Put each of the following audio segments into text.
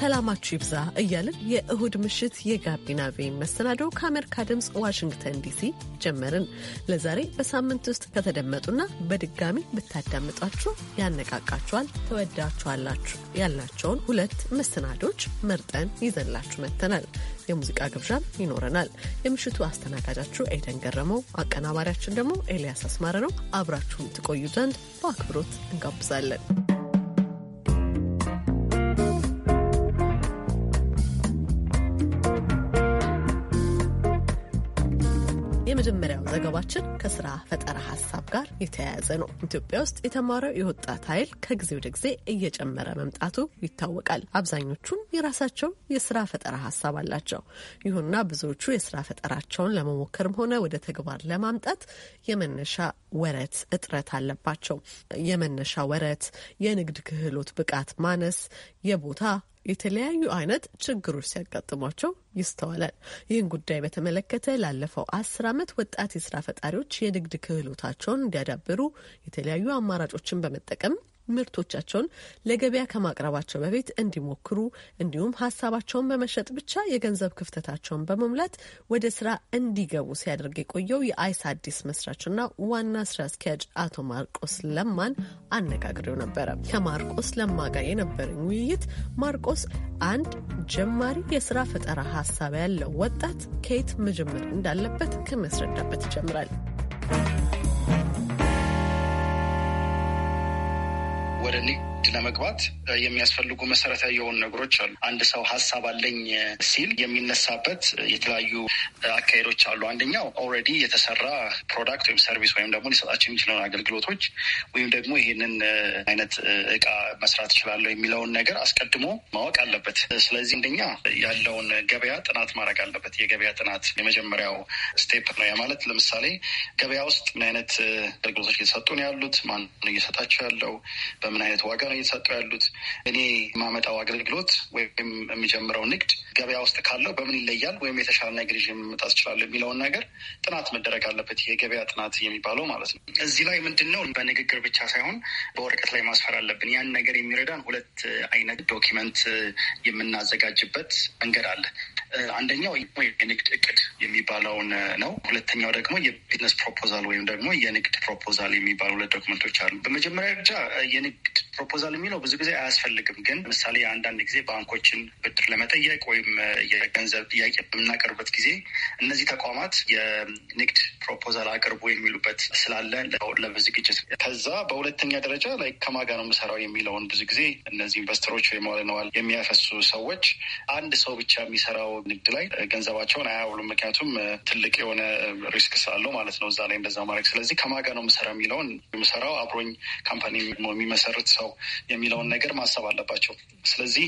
ሰላማችሁ ይብዛ እያልን የእሁድ ምሽት የጋቢና ቬ መሰናዶ ከአሜሪካ ድምፅ ዋሽንግተን ዲሲ ጀመርን። ለዛሬ በሳምንት ውስጥ ከተደመጡና በድጋሚ ብታዳምጧችሁ ያነቃቃችኋል ተወዳችኋላችሁ ያላቸውን ሁለት መሰናዶች መርጠን ይዘንላችሁ መጥተናል። የሙዚቃ ግብዣም ይኖረናል። የምሽቱ አስተናጋጃችሁ ኤደን ገረመው፣ አቀናባሪያችን ደግሞ ኤልያስ አስማረ ነው። አብራችሁን ትቆዩ ዘንድ በአክብሮት እንጋብዛለን። ዘገባችን ከስራ ፈጠራ ሀሳብ ጋር የተያያዘ ነው። ኢትዮጵያ ውስጥ የተማረው የወጣት ኃይል ከጊዜ ወደ ጊዜ እየጨመረ መምጣቱ ይታወቃል። አብዛኞቹም የራሳቸው የስራ ፈጠራ ሀሳብ አላቸው። ይሁንና ብዙዎቹ የስራ ፈጠራቸውን ለመሞከርም ሆነ ወደ ተግባር ለማምጣት የመነሻ ወረት እጥረት አለባቸው። የመነሻ ወረት፣ የንግድ ክህሎት ብቃት ማነስ፣ የቦታ የተለያዩ አይነት ችግሮች ሲያጋጥሟቸው ይስተዋላል። ይህን ጉዳይ በተመለከተ ላለፈው አስር ዓመት ወጣት የስራ ፈጣሪዎች የንግድ ክህሎታቸውን እንዲያዳብሩ የተለያዩ አማራጮችን በመጠቀም ምርቶቻቸውን ለገበያ ከማቅረባቸው በፊት እንዲሞክሩ እንዲሁም ሀሳባቸውን በመሸጥ ብቻ የገንዘብ ክፍተታቸውን በመሙላት ወደ ስራ እንዲገቡ ሲያደርግ የቆየው የአይስ አዲስ መስራችና ዋና ስራ አስኪያጅ አቶ ማርቆስ ለማን አነጋግሬው ነበረ። ከማርቆስ ለማ ጋር የነበረኝ ውይይት ማርቆስ አንድ ጀማሪ የስራ ፈጠራ ሀሳብ ያለው ወጣት ከየት መጀመር እንዳለበት ከሚያስረዳበት ይጀምራል። temporarily ንግድ ለመግባት የሚያስፈልጉ መሰረታዊ የሆኑ ነገሮች አሉ። አንድ ሰው ሀሳብ አለኝ ሲል የሚነሳበት የተለያዩ አካሄዶች አሉ። አንደኛው ኦልሬዲ የተሰራ ፕሮዳክት ወይም ሰርቪስ ወይም ደግሞ ሊሰጣቸው የሚችለውን አገልግሎቶች ወይም ደግሞ ይሄንን አይነት እቃ መስራት እችላለሁ የሚለውን ነገር አስቀድሞ ማወቅ አለበት። ስለዚህ አንደኛ ያለውን ገበያ ጥናት ማድረግ አለበት። የገበያ ጥናት የመጀመሪያው ስቴፕ ነው። ያ ማለት ለምሳሌ ገበያ ውስጥ ምን አይነት አገልግሎቶች እየተሰጡ ነው ያሉት፣ ማን እየሰጣቸው ያለው፣ በምን አይነት ዋጋ ነው እየሰጡ ያሉት። እኔ የማመጣው አገልግሎት ወይም የሚጀምረው ንግድ ገበያ ውስጥ ካለው በምን ይለያል ወይም የተሻለ ነገር ይዤ መምጣት እችላለሁ የሚለውን ነገር ጥናት መደረግ አለበት። ይሄ የገበያ ጥናት የሚባለው ማለት ነው። እዚህ ላይ ምንድን ነው በንግግር ብቻ ሳይሆን በወረቀት ላይ ማስፈር አለብን። ያን ነገር የሚረዳን ሁለት አይነት ዶኪመንት የምናዘጋጅበት መንገድ አለ። አንደኛው የንግድ እቅድ የሚባለውን ነው። ሁለተኛው ደግሞ የቢዝነስ ፕሮፖዛል ወይም ደግሞ የንግድ ፕሮፖዛል የሚባሉ ሁለት ዶክመንቶች አሉ። በመጀመሪያ ደረጃ የንግድ ፕሮፖዛል የሚለው ብዙ ጊዜ አያስፈልግም። ግን ለምሳሌ አንዳንድ ጊዜ ባንኮችን ብድር ለመጠየቅ ወይም የገንዘብ ጥያቄ በምናቀርበት ጊዜ እነዚህ ተቋማት የንግድ ፕሮፖዛል አቅርቡ የሚሉበት ስላለ ለዝግጅት ከዛ በሁለተኛ ደረጃ ላይ ከማጋ ነው የምሰራው የሚለውን ብዙ ጊዜ እነዚህ ኢንቨስተሮች ወይም ዋለ ንዋይ የሚያፈሱ ሰዎች አንድ ሰው ብቻ የሚሰራው ንግድ ላይ ገንዘባቸውን አያውሉም። ምክንያቱም ትልቅ የሆነ ሪስክ ስላለው ማለት ነው እዛ ላይ እንደዛ ማድረግ። ስለዚህ ከማጋ ነው የምሰራው የሚለውን የምሰራው አብሮኝ ካምፓኒ የሚመሰርት ሰው የሚለውን ነገር ማሰብ አለባቸው። ስለዚህ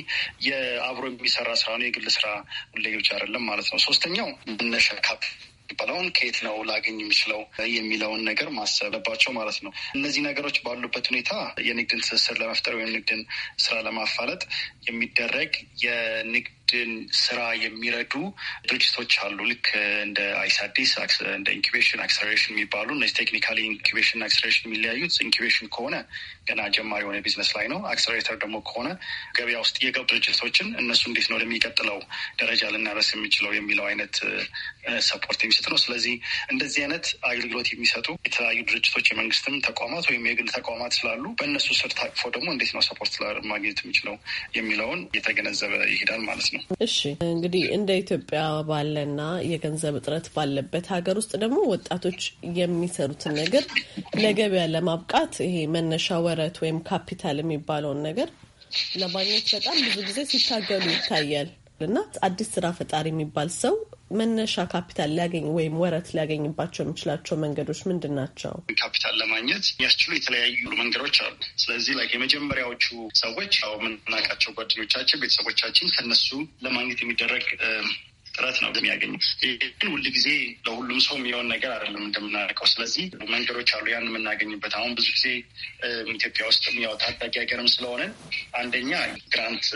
የአብሮ የሚሰራ ስራ ነው የግል ስራ ለዮች አይደለም ማለት ነው። ሶስተኛው መነሻ የሚባለውን ከየት ነው ላገኝ የሚችለው የሚለውን ነገር ማሰብባቸው ማለት ነው። እነዚህ ነገሮች ባሉበት ሁኔታ የንግድን ትስስር ለመፍጠር ወይም ንግድን ስራ ለማፋለጥ የሚደረግ የንግድ ቡድን ስራ የሚረዱ ድርጅቶች አሉ። ልክ እንደ አይስ አዲስ እንደ ኢንኩቤሽን አክሰሬሽን የሚባሉ እነዚህ ቴክኒካሊ ኢንኩቤሽን አክሰሬሽን የሚለያዩት ኢንኩቤሽን ከሆነ ገና ጀማሪ የሆነ ቢዝነስ ላይ ነው። አክሰሬተር ደግሞ ከሆነ ገበያ ውስጥ የገቡ ድርጅቶችን እነሱ እንዴት ነው ወደሚቀጥለው ደረጃ ልናደርስ የሚችለው የሚለው አይነት ሰፖርት የሚሰጥ ነው። ስለዚህ እንደዚህ አይነት አገልግሎት የሚሰጡ የተለያዩ ድርጅቶች የመንግስትም ተቋማት ወይም የግል ተቋማት ስላሉ በእነሱ ስር ታቅፎ ደግሞ እንዴት ነው ሰፖርት ማግኘት የሚችለው የሚለውን እየተገነዘበ ይሄዳል ማለት ነው። እሺ እንግዲህ እንደ ኢትዮጵያ ባለና የገንዘብ እጥረት ባለበት ሀገር ውስጥ ደግሞ ወጣቶች የሚሰሩትን ነገር ለገበያ ለማብቃት ይሄ መነሻ ወረት ወይም ካፒታል የሚባለውን ነገር ለማግኘት በጣም ብዙ ጊዜ ሲታገሉ ይታያል እና አዲስ ስራ ፈጣሪ የሚባል ሰው መነሻ ካፒታል ሊያገኝ ወይም ወረት ሊያገኝባቸው የሚችላቸው መንገዶች ምንድን ናቸው? ካፒታል ለማግኘት የሚያስችሉ የተለያዩ መንገዶች አሉ። ስለዚህ ላይ የመጀመሪያዎቹ ሰዎች ያው የምናውቃቸው ጓደኞቻችን፣ ቤተሰቦቻችን ከነሱ ለማግኘት የሚደረግ ጥረት ነው የሚያገኙ። ይህን ሁል ጊዜ ለሁሉም ሰው የሚሆን ነገር አይደለም እንደምናውቀው። ስለዚህ መንገዶች አሉ ያን የምናገኝበት። አሁን ብዙ ጊዜ ኢትዮጵያ ውስጥ ያው ታዳጊ ሀገርም ስለሆነ አንደኛ ግራንት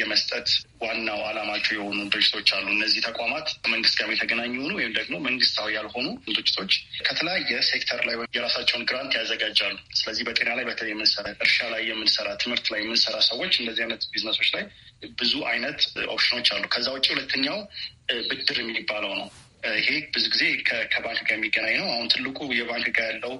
የመስጠት ዋናው አላማቸው የሆኑ ድርጅቶች አሉ። እነዚህ ተቋማት ከመንግስት ጋር የተገናኙ ሆኑ ወይም ደግሞ መንግስታዊ ያልሆኑ ድርጅቶች ከተለያየ ሴክተር ላይ የራሳቸውን ግራንት ያዘጋጃሉ። ስለዚህ በጤና ላይ በተለይ የምንሰራ፣ እርሻ ላይ የምንሰራ፣ ትምህርት ላይ የምንሰራ ሰዎች እንደዚህ አይነት ቢዝነሶች ላይ ብዙ አይነት ኦፕሽኖች አሉ። ከዛ ውጭ ሁለተኛው ብድር የሚባለው ነው። ይሄ ብዙ ጊዜ ከባንክ ጋር የሚገናኝ ነው። አሁን ትልቁ የባንክ ጋር ያለው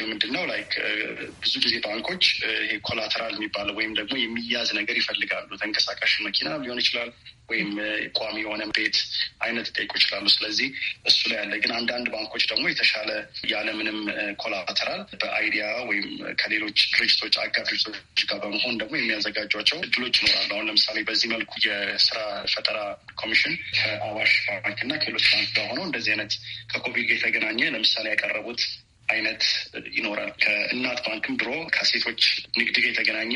የሚወስደው ምንድን ነው ላይክ uh, ብዙ ጊዜ ባንኮች uh, ይሄ ኮላተራል የሚባለው ወይም ደግሞ የሚያዝ ነገር ይፈልጋሉ። ተንቀሳቃሽ መኪና ሊሆን ይችላል ወይም uh, ቋሚ የሆነ ቤት አይነት ይጠይቁ ይችላሉ። ስለዚህ እሱ ላይ ያለ ግን አንዳንድ ባንኮች ደግሞ የተሻለ ያለምንም ኮላተራል በአይዲያ ወይም ከሌሎች ድርጅቶች አጋር ድርጅቶች ጋር በመሆን ደግሞ የሚያዘጋጇቸው እድሎች ይኖራሉ። አሁን ለምሳሌ በዚህ መልኩ የስራ ፈጠራ ኮሚሽን ከአዋሽ ባንክ እና ከሌሎች ባንክ ጋር ሆነው እንደዚህ አይነት ከኮቪድ የተገናኘ ለምሳሌ ያቀረቡት አይነት ይኖራል። ከእናት ባንክም ድሮ ከሴቶች ንግድ ጋር የተገናኘ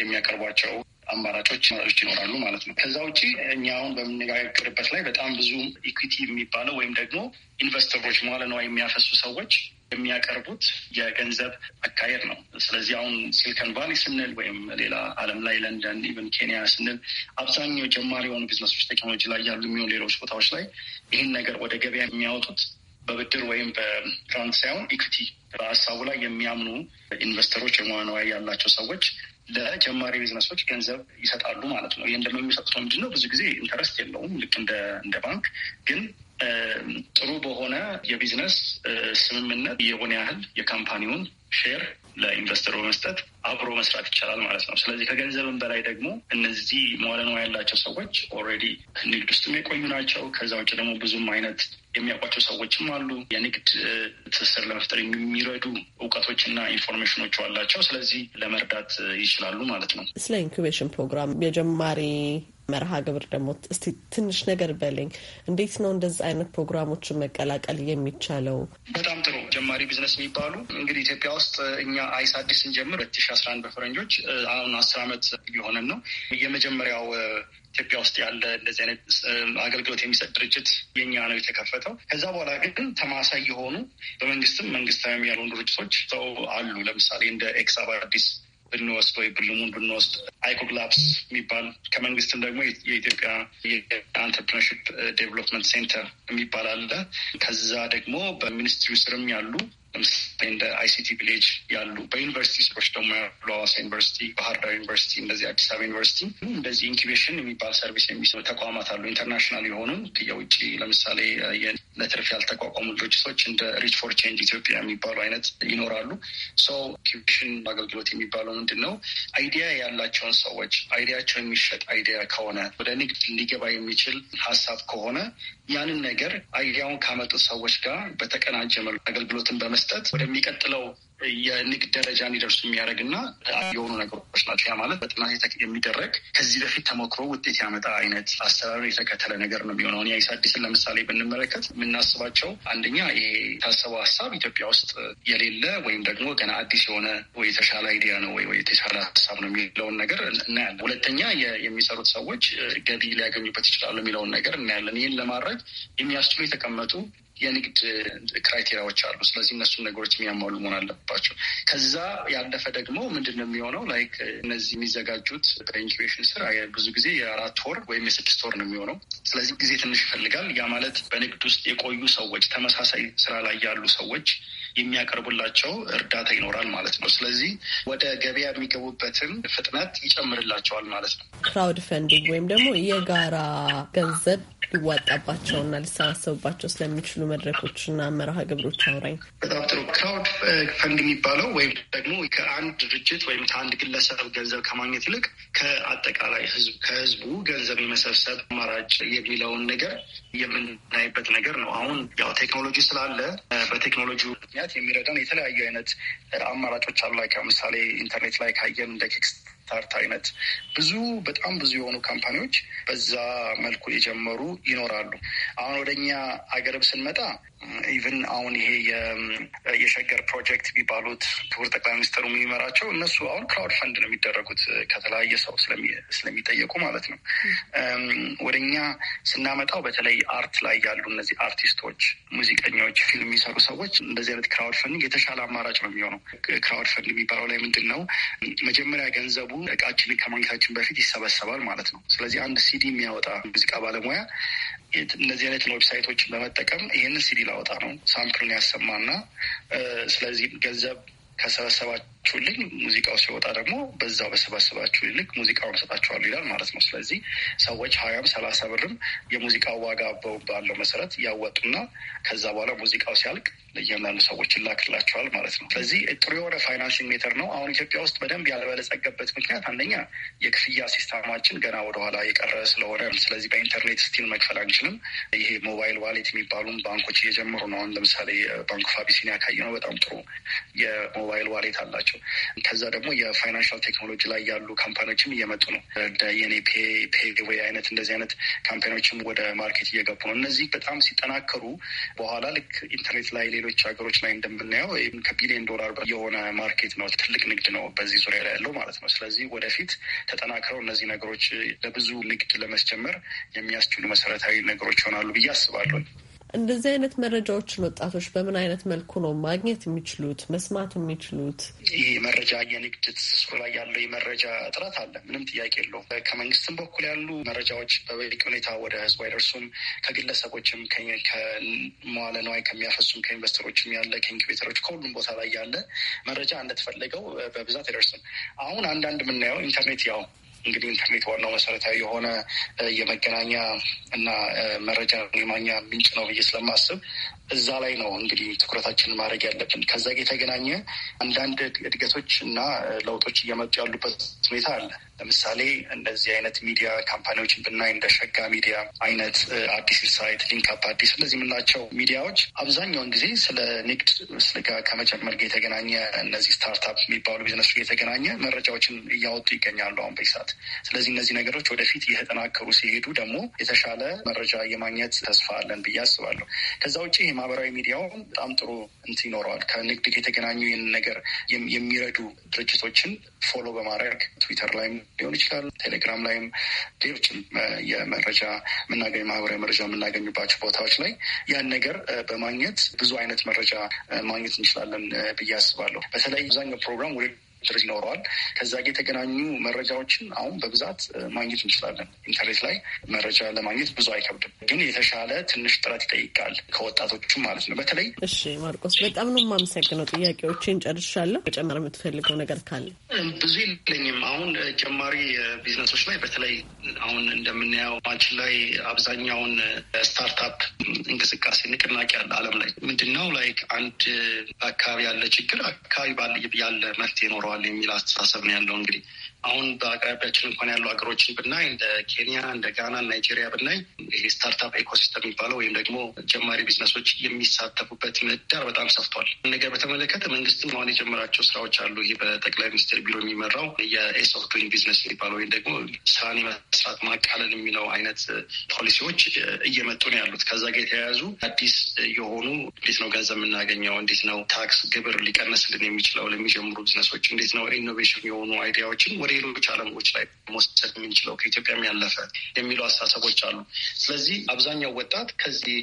የሚያቀርቧቸው አማራጮች ይኖራሉ ማለት ነው። ከዛ ውጭ እኛ አሁን በምንነጋገርበት ላይ በጣም ብዙ ኢኩዊቲ የሚባለው ወይም ደግሞ ኢንቨስተሮች መዋለ የሚያፈሱ ሰዎች የሚያቀርቡት የገንዘብ አካሄድ ነው። ስለዚህ አሁን ሲሊከን ቫሊ ስንል ወይም ሌላ ዓለም ላይ ለንደን፣ ኢቨን ኬንያ ስንል አብዛኛው ጀማሪ የሆኑ ቢዝነሶች ቴክኖሎጂ ላይ ያሉ የሚሆኑ ሌሎች ቦታዎች ላይ ይህን ነገር ወደ ገበያ የሚያወጡት በብድር ወይም በግራንት ሳይሆን ኢኩቲ በሀሳቡ ላይ የሚያምኑ ኢንቨስተሮች የመዋዕለ ያላቸው ሰዎች ለጀማሪ ቢዝነሶች ገንዘብ ይሰጣሉ ማለት ነው። ይህን ደግሞ የሚሰጡት ምንድን ነው? ብዙ ጊዜ ኢንተረስት የለውም ልክ እንደ ባንክ ግን ጥሩ በሆነ የቢዝነስ ስምምነት የሆነ ያህል የካምፓኒውን ሼር ለኢንቨስተሩ በመስጠት አብሮ መስራት ይቻላል ማለት ነው። ስለዚህ ከገንዘብን በላይ ደግሞ እነዚህ መዋለ ንዋይ ያላቸው ሰዎች ኦልሬዲ ንግድ ውስጥም የቆዩ ናቸው። ከዛ ውጭ ደግሞ ብዙም አይነት የሚያውቋቸው ሰዎችም አሉ። የንግድ ትስስር ለመፍጠር የሚረዱ እውቀቶችና ኢንፎርሜሽኖች አላቸው። ስለዚህ ለመርዳት ይችላሉ ማለት ነው። ስለ ኢንኩቤሽን ፕሮግራም የጀማሪ መርሃ ግብር ደግሞ እስቲ ትንሽ ነገር በልኝ። እንዴት ነው እንደዚህ አይነት ፕሮግራሞችን መቀላቀል የሚቻለው? በጣም ጥሩ ጀማሪ ቢዝነስ የሚባሉ እንግዲህ ኢትዮጵያ ውስጥ እኛ አይስ አዲስ ስንጀምር ሁለት ሺ አስራ አንድ በፈረንጆች አሁን አስር አመት ሊሆነን ነው። የመጀመሪያው ኢትዮጵያ ውስጥ ያለ እንደዚህ አይነት አገልግሎት የሚሰጥ ድርጅት የኛ ነው የተከፈተው። ከዛ በኋላ ግን ተማሳይ የሆኑ በመንግስትም መንግስታዊም ያልሆኑ ድርጅቶች ሰው አሉ። ለምሳሌ እንደ ኤክስ አዲስ ብንወስድ ወይ ብልሙን ብንወስድ አይኮግላፕስ የሚባል ከመንግስትም ደግሞ የኢትዮጵያ የአንትርፕርነርሽፕ ዴቨሎፕመንት ሴንተር የሚባል አለ። ከዛ ደግሞ በሚኒስትሪ ስርም ያሉ ለምሳሌ እንደ አይሲቲ ቪሌጅ ያሉ በዩኒቨርሲቲ ስሮች ደግሞ ያሉ ዩኒቨርሲቲ፣ ባህር ዳር ዩኒቨርሲቲ፣ እንደዚህ አዲስ አበባ ዩኒቨርሲቲ እንደዚህ ኢንኩቤሽን የሚባል ሰርቪስ የሚሰሩ ተቋማት አሉ። ኢንተርናሽናል የሆኑ የውጭ ለምሳሌ ለትርፍ ያልተቋቋሙ ድርጅቶች እንደ ሪች ፎር ቼንጅ ኢትዮጵያ የሚባሉ አይነት ይኖራሉ። ሰው ኢንኩቤሽን አገልግሎት የሚባለው ምንድን ነው? አይዲያ ያላቸውን ሰዎች አይዲያቸው የሚሸጥ አይዲያ ከሆነ ወደ ንግድ ሊገባ የሚችል ሀሳብ ከሆነ ያንን ነገር አይዲያውን ካመጡት ሰዎች ጋር በተቀናጀ መልኩ አገልግሎትን በመስ በመስጠት ወደሚቀጥለው የንግድ ደረጃ እንዲደርሱ የሚያደርግ እና የሆኑ ነገሮች ናቸው። ያ ማለት በጥናት የሚደረግ ከዚህ በፊት ተሞክሮ ውጤት ያመጣ አይነት አሰራር የተከተለ ነገር ነው የሚሆነው። የአይስ አዲስን ለምሳሌ ብንመለከት የምናስባቸው አንደኛ ይሄ የታሰበው ሀሳብ ኢትዮጵያ ውስጥ የሌለ ወይም ደግሞ ገና አዲስ የሆነ ወይ የተሻለ አይዲያ ነው ወይ የተሻለ ሀሳብ ነው የሚለውን ነገር እናያለን። ሁለተኛ የሚሰሩት ሰዎች ገቢ ሊያገኙበት ይችላሉ የሚለውን ነገር እናያለን። ይህን ለማድረግ የሚያስችሉ የተቀመጡ የንግድ ክራይቴሪያዎች አሉ። ስለዚህ እነሱን ነገሮች የሚያሟሉ መሆን አለባቸው። ከዛ ያለፈ ደግሞ ምንድን ነው የሚሆነው? ላይክ እነዚህ የሚዘጋጁት በኢንኩቤሽን ስር ብዙ ጊዜ የአራት ወር ወይም የስድስት ወር ነው የሚሆነው። ስለዚህ ጊዜ ትንሽ ይፈልጋል። ያ ማለት በንግድ ውስጥ የቆዩ ሰዎች፣ ተመሳሳይ ስራ ላይ ያሉ ሰዎች የሚያቀርቡላቸው እርዳታ ይኖራል ማለት ነው። ስለዚህ ወደ ገበያ የሚገቡበትን ፍጥነት ይጨምርላቸዋል ማለት ነው። ክራውድ ፈንዲንግ ወይም ደግሞ የጋራ ገንዘብ ሊዋጣባቸውና ሊሰባሰቡባቸው ስለሚችሉ መድረኮችና መርሃ ግብሮች አውራኝ። በጣም ጥሩ። ክራውድ ፈንድ የሚባለው ወይም ደግሞ ከአንድ ድርጅት ወይም ከአንድ ግለሰብ ገንዘብ ከማግኘት ይልቅ ከአጠቃላይ ህዝብ ከህዝቡ ገንዘብ የመሰብሰብ አማራጭ የሚለውን ነገር የምናይበት ነገር ነው። አሁን ያው ቴክኖሎጂ ስላለ በቴክኖሎጂ ምክንያት የሚረዳን የተለያዩ አይነት አማራጮች አሉ። ምሳሌ ኢንተርኔት ላይ ካየን እንደ ኪክስ ስታርት አይነት ብዙ በጣም ብዙ የሆኑ ካምፓኒዎች በዛ መልኩ የጀመሩ ይኖራሉ። አሁን ወደኛ አገርብ ስንመጣ ኢቨን አሁን ይሄ የሸገር ፕሮጀክት የሚባሉት ክቡር ጠቅላይ ሚኒስትሩ የሚመራቸው እነሱ አሁን ክራውድ ፈንድ ነው የሚደረጉት ከተለያየ ሰው ስለሚጠየቁ ማለት ነው። ወደ እኛ ስናመጣው በተለይ አርት ላይ ያሉ እነዚህ አርቲስቶች፣ ሙዚቀኞች፣ ፊልም የሚሰሩ ሰዎች እንደዚህ አይነት ክራውድ ፈንድ የተሻለ አማራጭ ነው የሚሆነው። ክራውድ ፈንድ የሚባለው ላይ ምንድን ነው መጀመሪያ ገንዘቡ እቃችንን ከማግኘታችን በፊት ይሰበሰባል ማለት ነው። ስለዚህ አንድ ሲዲ የሚያወጣ ሙዚቃ ባለሙያ እነዚህ አይነት ዌብሳይቶችን በመጠቀም ይህንን ሲዲ ላወጣ ነው ሳምፕልን ያሰማና ስለዚህ ገንዘብ ከሰበሰባቸው ችሁልኝ ሙዚቃው ሲወጣ ደግሞ በዛው በሰባሰባችሁ ልክ ሙዚቃውን እሰጣችኋለሁ ይላል ማለት ነው። ስለዚህ ሰዎች ሀያም ሰላሳ ብርም የሙዚቃው ዋጋ ባለው መሰረት ያወጡና ከዛ በኋላ ሙዚቃው ሲያልቅ ለእያንዳንዱ ሰዎች ይላክላቸዋል ማለት ነው። ስለዚህ ጥሩ የሆነ ፋይናንሲንግ ሜተር ነው። አሁን ኢትዮጵያ ውስጥ በደንብ ያልበለጸገበት ምክንያት አንደኛ የክፍያ ሲስተማችን ገና ወደኋላ የቀረ ስለሆነ፣ ስለዚህ በኢንተርኔት ስቲል መክፈል አንችልም። ይሄ ሞባይል ዋሌት የሚባሉም ባንኮች እየጀመሩ ነው። አሁን ለምሳሌ ባንክ ኦፍ አቢሲኒያ ካየነው በጣም ጥሩ የሞባይል ዋሌት አላቸው። ናቸው። ከዛ ደግሞ የፋይናንሻል ቴክኖሎጂ ላይ ያሉ ካምፓኒዎችም እየመጡ ነው። እንደ የኔ ፔይዌይ አይነት እንደዚህ አይነት ካምፓኒዎችም ወደ ማርኬት እየገቡ ነው። እነዚህ በጣም ሲጠናከሩ በኋላ ልክ ኢንተርኔት ላይ ሌሎች ሀገሮች ላይ እንደምናየው ከቢሊዮን ዶላር የሆነ ማርኬት ነው። ትልቅ ንግድ ነው በዚህ ዙሪያ ላይ ያለው ማለት ነው። ስለዚህ ወደፊት ተጠናክረው እነዚህ ነገሮች ለብዙ ንግድ ለመስጀመር የሚያስችሉ መሰረታዊ ነገሮች ይሆናሉ ብዬ አስባለሁ። እንደዚህ አይነት መረጃዎችን ወጣቶች በምን አይነት መልኩ ነው ማግኘት የሚችሉት መስማት የሚችሉት? ይህ መረጃ የንግድ ትስስሩ ላይ ያለው የመረጃ እጥረት አለ፣ ምንም ጥያቄ የለውም። ከመንግስትም በኩል ያሉ መረጃዎች በበቂ ሁኔታ ወደ ህዝቡ አይደርሱም። ከግለሰቦችም ከመዋለ ነዋይ ከሚያፈሱም ከኢንቨስተሮችም ያለ ከኢንኩቤተሮች ከሁሉም ቦታ ላይ ያለ መረጃ እንደተፈለገው በብዛት አይደርስም። አሁን አንዳንድ የምናየው ኢንተርኔት ያው እንግዲህ ኢንተርኔት ዋናው መሰረታዊ የሆነ የመገናኛ እና መረጃ የማግኛ ምንጭ ነው ብዬ ስለማስብ እዛ ላይ ነው እንግዲህ ትኩረታችንን ማድረግ ያለብን። ከዛ ጋር የተገናኘ አንዳንድ እድገቶች እና ለውጦች እየመጡ ያሉበት ሁኔታ አለ። ለምሳሌ እንደዚህ አይነት ሚዲያ ካምፓኒዎችን ብናይ እንደ ሸጋ ሚዲያ አይነት፣ አዲስ ሳይት፣ ሊንክአፕ አዲስ እንደዚህ የምናቸው ሚዲያዎች አብዛኛውን ጊዜ ስለ ንግድ ስጋ ከመጨመር ጋር የተገናኘ እነዚህ ስታርታፕ የሚባሉ ቢዝነሱ ጋር የተገናኘ መረጃዎችን እያወጡ ይገኛሉ አሁን በይሳት። ስለዚህ እነዚህ ነገሮች ወደፊት እየተጠናከሩ ሲሄዱ ደግሞ የተሻለ መረጃ የማግኘት ተስፋ አለን ብዬ አስባለሁ። ከዛ ውጭ የማህበራዊ ሚዲያውም በጣም ጥሩ እንት ይኖረዋል። ከንግድ የተገናኙ ይህን ነገር የሚረዱ ድርጅቶችን ፎሎ በማድረግ ትዊተር ላይም ሊሆን ይችላል፣ ቴሌግራም ላይም፣ ሌሎችም የመረጃ የምናገኝ ማህበራዊ መረጃ የምናገኝባቸው ቦታዎች ላይ ያን ነገር በማግኘት ብዙ አይነት መረጃ ማግኘት እንችላለን ብዬ አስባለሁ። በተለይ አብዛኛው ፕሮግራም ድርጅ ይኖረዋል። ከዛ ጋ የተገናኙ መረጃዎችን አሁን በብዛት ማግኘት እንችላለን። ኢንተርኔት ላይ መረጃ ለማግኘት ብዙ አይከብድም፣ ግን የተሻለ ትንሽ ጥረት ይጠይቃል ከወጣቶቹም ማለት ነው። በተለይ እሺ፣ ማርቆስ በጣም ነው የማመሰግነው። ጥያቄዎችን ጨርሻለሁ። መጨመር የምትፈልገው ነገር ካለ ብዙ የለኝም። አሁን ጀማሪ ቢዝነሶች ላይ በተለይ አሁን እንደምናየው ማችን ላይ አብዛኛውን ስታርታፕ እንቅስቃሴ ንቅናቄ ያለ አለም ላይ ምንድነው ላይክ አንድ አካባቢ ያለ ችግር አካባቢ ያለ መፍትሄ ይኖረዋል ተጠቅመዋል የሚል አስተሳሰብ ነው ያለው። እንግዲህ አሁን በአቅራቢያችን እንኳን ያሉ ሀገሮችን ብናይ እንደ ኬንያ፣ እንደ ጋና፣ ናይጄሪያ ብናይ ይሄ ስታርታፕ ኢኮሲስተም የሚባለው ወይም ደግሞ ጀማሪ ቢዝነሶች የሚሳተፉበት ምህዳር በጣም ሰፍቷል። ነገር በተመለከተ መንግስትም አሁን የጀመራቸው ስራዎች አሉ። ይህ በጠቅላይ ሚኒስትር ቢሮ የሚመራው የኤስ ኦፍ ቢዝነስ የሚባለው ወይም ደግሞ ስራን የመስራት ማቃለል የሚለው አይነት ፖሊሲዎች እየመጡ ነው ያሉት። ከዛ ጋር የተያያዙ አዲስ የሆኑ እንዴት ነው ገንዘብ የምናገኘው፣ እንዴት ነው ታክስ ግብር ሊቀነስልን የሚችለው ለሚጀምሩ ቢዝነሶች፣ እንዴት ነው ኢኖቬሽን የሆኑ አይዲያዎችን ወደ ሌሎች ዓለሞች ላይ መውሰድ የምንችለው ከኢትዮጵያም ያለፈ የሚሉ አስተሳሰቦች አሉ። ስለዚህ አብዛኛው ወጣት ከዚህ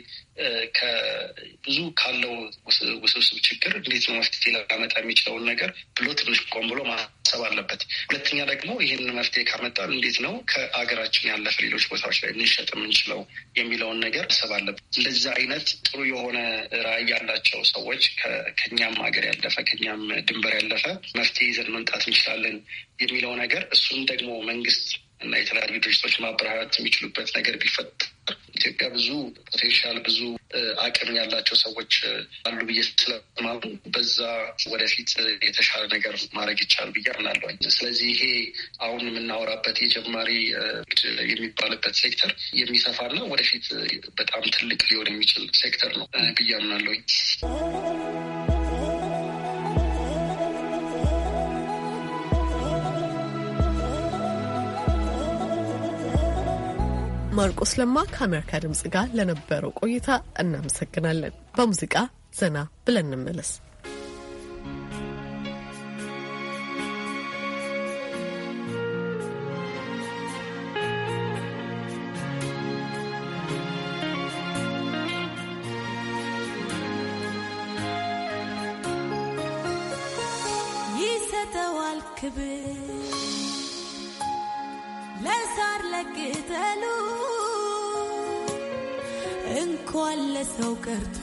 ከብዙ ካለው ውስብስብ ችግር እንዴት ነው መፍትሄ ላመጣ የሚችለውን ነገር ብሎ ትንሽ ቆም ብሎ ማሰብ አለበት። ሁለተኛ ደግሞ ይህንን መፍትሄ ካመጣን እንዴት ነው ከአገራችን ያለፈ ሌሎች ቦታዎች ላይ ልንሸጥ የምንችለው የሚለውን ነገር ማሰብ አለበት። እንደዚህ አይነት ጥሩ የሆነ ራዕይ ያላቸው ሰዎች ከኛም ሀገር ያለፈ ከኛም ድንበር ያለፈ መፍትሄ ይዘን መምጣት እንችላለን የሚለው ነገር እሱን ደግሞ መንግስት እና የተለያዩ ድርጅቶች ማበረራት የሚችሉበት ነገር ቢፈጥ ኢትዮጵያ ብዙ ፖቴንሻል ብዙ አቅም ያላቸው ሰዎች አሉ ብዬ ስለማምን በዛ ወደፊት የተሻለ ነገር ማድረግ ይቻል ብዬ አምናለሁኝ። ስለዚህ ይሄ አሁን የምናወራበት የጀማሪ የሚባልበት ሴክተር የሚሰፋና ወደፊት በጣም ትልቅ ሊሆን የሚችል ሴክተር ነው ብዬ አምናለሁኝ። ማርቆስ ለማ ከአሜሪካ ድምፅ ጋር ለነበረው ቆይታ እናመሰግናለን። በሙዚቃ ዘና ብለን እንመለስ። ክብር ለሳር ለቅጠሉ እንኳን ለሰው ቀርቶ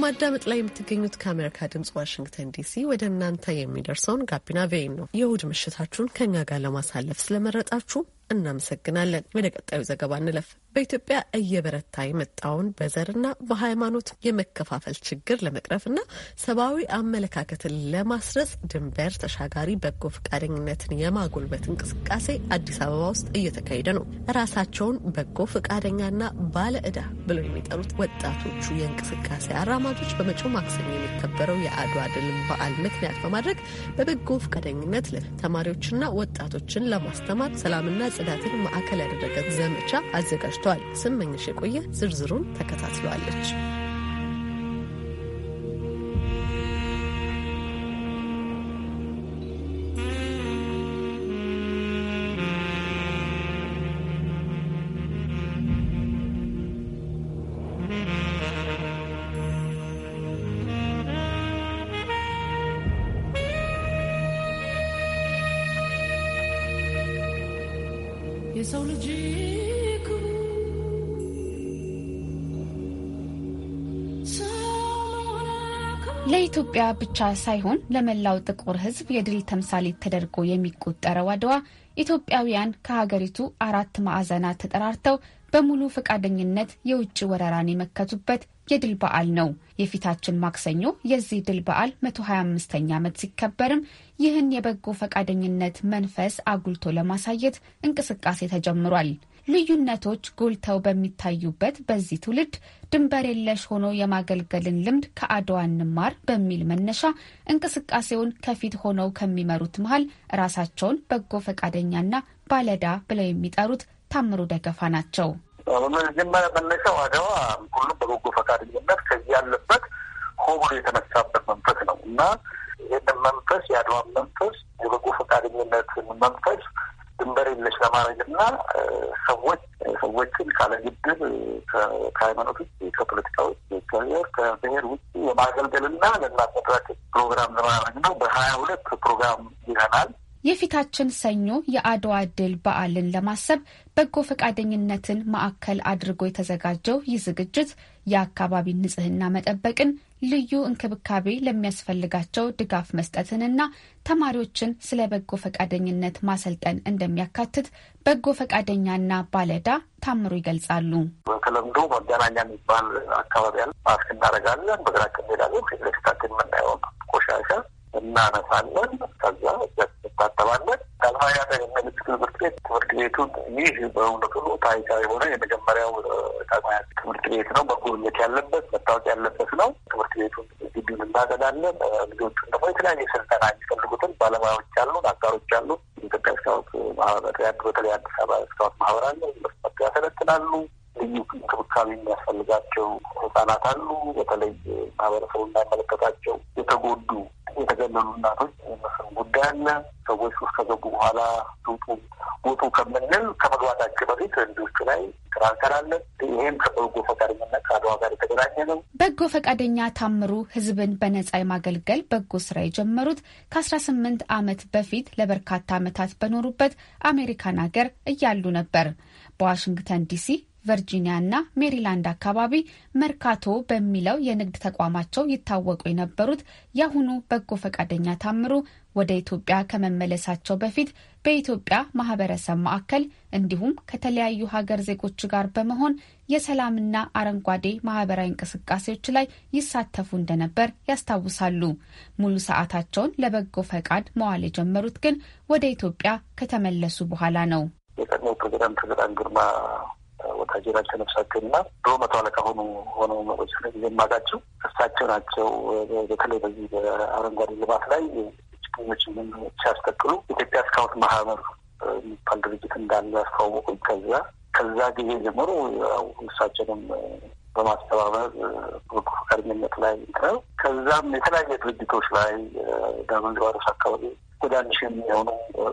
በማዳመጥ ላይ የምትገኙት ከአሜሪካ ድምጽ ዋሽንግተን ዲሲ ወደ እናንተ የሚደርሰውን ጋቢና ቬይን ነው። የእሁድ ምሽታችሁን ከእኛ ጋር ለማሳለፍ ስለመረጣችሁ እናመሰግናለን። ወደ ቀጣዩ ዘገባ እንለፍ። በኢትዮጵያ እየበረታ የመጣውን በዘርና በሃይማኖት የመከፋፈል ችግር ለመቅረፍና ሰብአዊ አመለካከትን ለማስረጽ ድንበር ተሻጋሪ በጎ ፈቃደኝነትን የማጎልበት እንቅስቃሴ አዲስ አበባ ውስጥ እየተካሄደ ነው። ራሳቸውን በጎ ፈቃደኛና ባለ እዳ ብለው የሚጠሩት ወጣቶቹ የእንቅስቃሴ አራማጆች በመጪው ማክሰኞ የሚከበረው የአድዋ ድል በዓል ምክንያት በማድረግ በበጎ ፈቃደኝነት ተማሪዎችና ወጣቶችን ለማስተማር ሰላምና ጽዳትን ማዕከል ያደረገ ዘመቻ አዘጋጅተዋል። ስመኝሽ የቆየ ዝርዝሩን ተከታትለዋለች። ለኢትዮጵያ ብቻ ሳይሆን ለመላው ጥቁር ሕዝብ የድል ተምሳሌት ተደርጎ የሚቆጠረው አድዋ ኢትዮጵያውያን ከሀገሪቱ አራት ማዕዘናት ተጠራርተው በሙሉ ፈቃደኝነት የውጭ ወረራን የመከቱበት የድል በዓል ነው። የፊታችን ማክሰኞ የዚህ ድል በዓል 125ኛ ዓመት ሲከበርም ይህን የበጎ ፈቃደኝነት መንፈስ አጉልቶ ለማሳየት እንቅስቃሴ ተጀምሯል። ልዩነቶች ጎልተው በሚታዩበት በዚህ ትውልድ ድንበር የለሽ ሆኖ የማገልገልን ልምድ ከአድዋ እንማር በሚል መነሻ እንቅስቃሴውን ከፊት ሆነው ከሚመሩት መሀል ራሳቸውን በጎ ፈቃደኛና ባለዳ ብለው የሚጠሩት ታምሩ ደገፋ ናቸው። መጀመሪያ መነሻው አድዋ ሁሉም በበጎ ፈቃደኝነት ከዚህ ያለበት ሆብሎ የተነሳበት መንፈስ ነው እና ይህንን መንፈስ የአድዋን መንፈስ የበጎ ፈቃደኝነትን መንፈስ ድንበር የለሽ ለማድረግ እና ሰዎች ሰዎችን ካለ ግድብ ከሃይማኖት ውጭ ከፖለቲካ ውጭ ከብሔር ከብሔር ውጭ የማገልገልና ለማስተዳደር ፕሮግራም ለማድረግ ነው። በሀያ ሁለት ፕሮግራም ይሆናል። የፊታችን ሰኞ የአድዋ ድል በዓልን ለማሰብ በጎ ፈቃደኝነትን ማዕከል አድርጎ የተዘጋጀው ይህ ዝግጅት የአካባቢ ንጽህና መጠበቅን፣ ልዩ እንክብካቤ ለሚያስፈልጋቸው ድጋፍ መስጠትንና ተማሪዎችን ስለ በጎ ፈቃደኝነት ማሰልጠን እንደሚያካትት በጎ ፈቃደኛና ባለዳ ታምሮ ይገልጻሉ። በተለምዶ መገናኛ የሚባል አካባቢ ያለ ፓርክ እናደርጋለን። በግራ ቀን ሄዳለን። ፊት ለፊታችን የምናየው ቆሻሻ እናነሳለን። ከዛ እንታጠባለን። ከልፋያ የምልክል ትምህርት ቤት ትምህርት ቤቱን ይህ በእውነቱ ታሪካዊ የሆነ የመጀመሪያው ቀማያ ትምህርት ቤት ነው። መጎብኘት ያለበት መታወቅ ያለበት ነው። ትምህርት ቤቱን ግቢውን እናገዳለን። ልጆቹን ደግሞ የተለያየ ስልጠና የሚፈልጉትን ባለሙያዎች አሉን፣ አጋሮች አሉን። ኢትዮጵያ ስካውት ማህበር በተለይ አዲስ አበባ ስካውት ማህበር አለ። ዩኒቨርስቲ ያሰለጥናሉ። ልዩ እንክብካቤ የሚያስፈልጋቸው ህጻናት አሉ። በተለይ ማህበረሰቡ እንዳመለከታቸው የተጎዱ የተገለሉ እናቶች የመስም ጉዳይ አለ። ሰዎች ውስጥ ከገቡ በኋላ ውጡ ውጡ ከምንል ከመግባታቸው በፊት እንዲዎቹ ላይ ትራንከራለን። ይህም ከበጎ ፈቃደኝነት ከአድዋ ጋር የተገናኘ ነው። በጎ ፈቃደኛ ታምሩ ህዝብን በነጻ የማገልገል በጎ ስራ የጀመሩት ከአስራ ስምንት ዓመት በፊት ለበርካታ ዓመታት በኖሩበት አሜሪካን ሀገር እያሉ ነበር። በዋሽንግተን ዲሲ ቨርጂኒያ እና ሜሪላንድ አካባቢ መርካቶ በሚለው የንግድ ተቋማቸው ይታወቁ የነበሩት የአሁኑ በጎ ፈቃደኛ ታምሩ ወደ ኢትዮጵያ ከመመለሳቸው በፊት በኢትዮጵያ ማህበረሰብ ማዕከል እንዲሁም ከተለያዩ ሀገር ዜጎች ጋር በመሆን የሰላምና አረንጓዴ ማህበራዊ እንቅስቃሴዎች ላይ ይሳተፉ እንደነበር ያስታውሳሉ። ሙሉ ሰዓታቸውን ለበጎ ፈቃድ መዋል የጀመሩት ግን ወደ ኢትዮጵያ ከተመለሱ በኋላ ነው። የቀድሞ ፕሬዚዳንት ግርማ ወታደራቸው ና ድሮ መቶ አለቃ ሆኑ ሆኖ መሮች ጊዜ የማውቃቸው እሳቸው ናቸው። በተለይ በዚህ በአረንጓዴ ልማት ላይ ችግኞች ምን ሲያስጠቅሉ ኢትዮጵያ ስካውት ማህበር የሚባል ድርጅት እንዳለ ያስተዋወቁኝ። ከዛ ከዛ ጊዜ ጀምሮ እሳቸውንም በማስተባበር በጎ ፈቃደኝነት ላይ ነው። ከዛም የተለያየ ድርጅቶች ላይ ዳመንድ ባሮስ አካባቢ ወደ አንድ ሺህ የሚሆኑ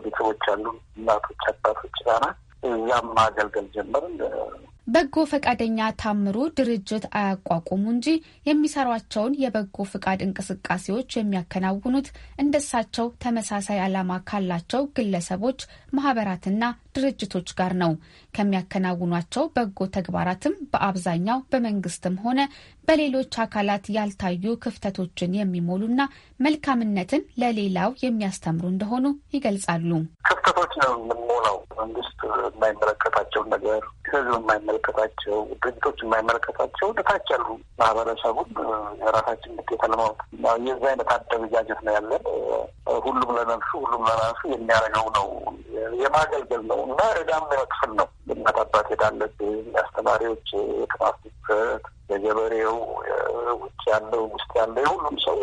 ቤተሰቦች አሉ። እናቶች፣ አባቶች፣ ህጻናት እዛም ማገልገል ጀመርን። በጎ ፈቃደኛ ታምሩ ድርጅት አያቋቁሙ እንጂ የሚሰሯቸውን የበጎ ፍቃድ እንቅስቃሴዎች የሚያከናውኑት እንደሳቸው ተመሳሳይ ዓላማ ካላቸው ግለሰቦች ማህበራትና ድርጅቶች ጋር ነው። ከሚያከናውኗቸው በጎ ተግባራትም በአብዛኛው በመንግስትም ሆነ በሌሎች አካላት ያልታዩ ክፍተቶችን የሚሞሉና መልካምነትን ለሌላው የሚያስተምሩ እንደሆኑ ይገልጻሉ። ክፍተቶች ነው የምንሞላው። መንግስት የማይመለከታቸው ነገር፣ ህዝብ የማይመለከታቸው፣ ድርጅቶች የማይመለከታቸው እታች ያሉ ማህበረሰቡን የራሳችን ግዴታ ለማወቅ የዛ አይነት አደረጃጀት ነው ያለን። ሁሉም ለነፍሱ ሁሉም ለራሱ የሚያደርገው ነው የማገልገል ነው እና እዳም መክፍል ነው። እናት አባት ሄዳለብኝ አስተማሪዎች፣ የክላስ የገበሬው፣ ውጭ ያለው ውስጥ ያለው የሁሉም ሰው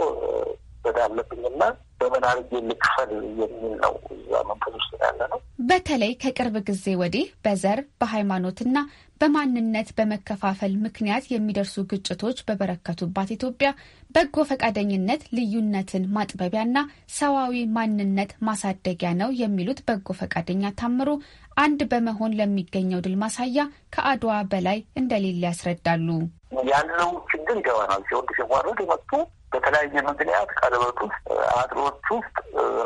እዳ አለብኝ እና በምን አድርጌ ልክፈል የሚል ነው እዛ መንፈስ ውስጥ ያለ ነው። በተለይ ከቅርብ ጊዜ ወዲህ በዘር በሃይማኖትና በማንነት በመከፋፈል ምክንያት የሚደርሱ ግጭቶች በበረከቱባት ኢትዮጵያ በጎ ፈቃደኝነት ልዩነትን ማጥበቢያና ሰዋዊ ማንነት ማሳደጊያ ነው የሚሉት በጎ ፈቃደኛ ታምሩ አንድ በመሆን ለሚገኘው ድል ማሳያ ከአድዋ በላይ እንደሌለ ያስረዳሉ። ያለው ችግር ይገባናል። ሲወድ ሲዋረድ መጡ በተለያየ ምክንያት ቀለበት ውስጥ አጥሮች ውስጥ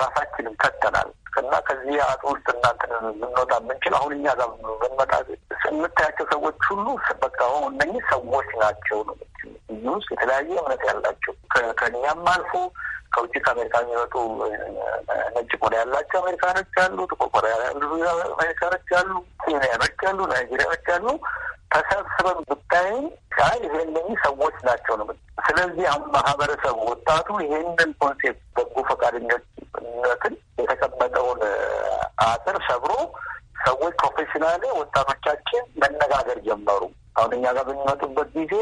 ራሳችንን ከተናል እና ከዚህ አጥሮ ውስጥ እናንትን ልንወጣ የምንችል አሁን እኛ ጋር ብንመጣ የምታያቸው ሰዎች ሁሉ በቃ እነኚህ ሰዎች ናቸው ነው። እዚህ ውስጥ የተለያየ እምነት ያላቸው ከእኛም አልፎ ከውጭ ከአሜሪካ የሚመጡ ነጭ ቆዳ ያላቸው አሜሪካኖች አሉ፣ ጥቁር ቆዳ ያሉ አሜሪካኖች አሉ፣ ኬንያኖች አሉ፣ ናይጄሪያኖች አሉ። ተሰብስበን ብታይም ቃል ይሄን ሰዎች ናቸው ነው። ስለዚህ አሁን ማህበረሰቡ ወጣቱ ይሄንን ኮንሴፕት በጎ ፈቃደኝነትን የተቀመጠውን አጥር ሰብሮ ሰዎች ፕሮፌሽናሌ ወጣቶቻችን መነጋገር ጀመሩ። አሁን እኛ ጋር በሚመጡበት ጊዜ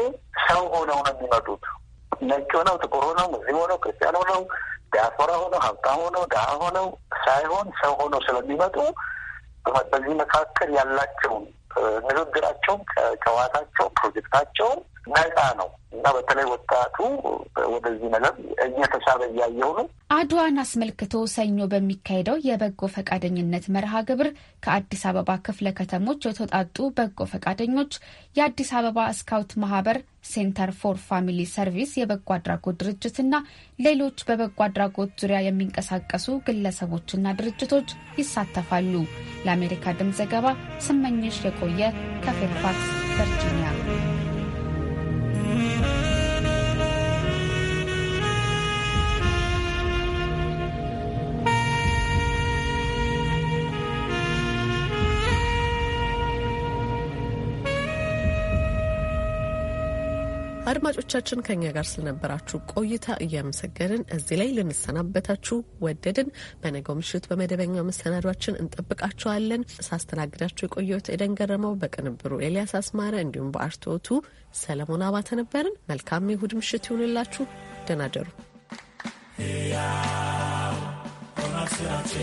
ሰው ሆነው ነው የሚመጡት። ነጭ ሆነው ጥቁር ሆነው ሙስሊም ሆነው ክርስቲያን ሆነው ዲያስፖራ ሆነው ሀብታም ሆነው ድሀ ሆነው ሳይሆን ሰው ሆነው ስለሚመጡ በዚህ መካከል ያላቸውን ንግግራቸውም ጨዋታቸውን፣ ፕሮጀክታቸውም ነፃ ነው እና በተለይ ወጣቱ ወደዚህ ነገር እየተሳበ እያየው ነው። አድዋን አስመልክቶ ሰኞ በሚካሄደው የበጎ ፈቃደኝነት መርሃ ግብር ከአዲስ አበባ ክፍለ ከተሞች የተውጣጡ በጎ ፈቃደኞች፣ የአዲስ አበባ ስካውት ማህበር፣ ሴንተር ፎር ፋሚሊ ሰርቪስ የበጎ አድራጎት ድርጅትና ሌሎች በበጎ አድራጎት ዙሪያ የሚንቀሳቀሱ ግለሰቦችና ድርጅቶች ይሳተፋሉ። ለአሜሪካ ድምፅ ዘገባ ስመኝሽ የቆየ ከፌርፋክስ ቨርጂኒያ አድማጮቻችን ከኛ ጋር ስለነበራችሁ ቆይታ እያመሰገንን እዚህ ላይ ልንሰናበታችሁ ወደድን። በነገው ምሽት በመደበኛው መሰናዷችን እንጠብቃችኋለን። ሳስተናግዳችሁ የቆየሁት ኤደን ገረመው፣ በቅንብሩ ኤልያስ አስማረ እንዲሁም በአርቶቱ ሰለሞን አባተ ነበርን። መልካም የእሁድ ምሽት ይሁንላችሁ። ደናደሩ ስራችን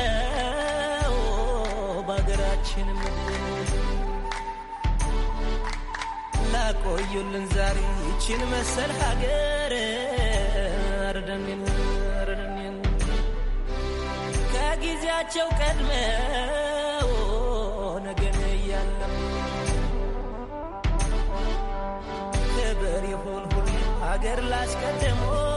አለው በሀገራችን ምድር ላቆዩልን ዛሬ ይችን መሰል ሀገር ከጊዜያቸው ቀድመው ነገን እያለም ክብር ይሁን ሁሉ ሀገር ላስቀደመው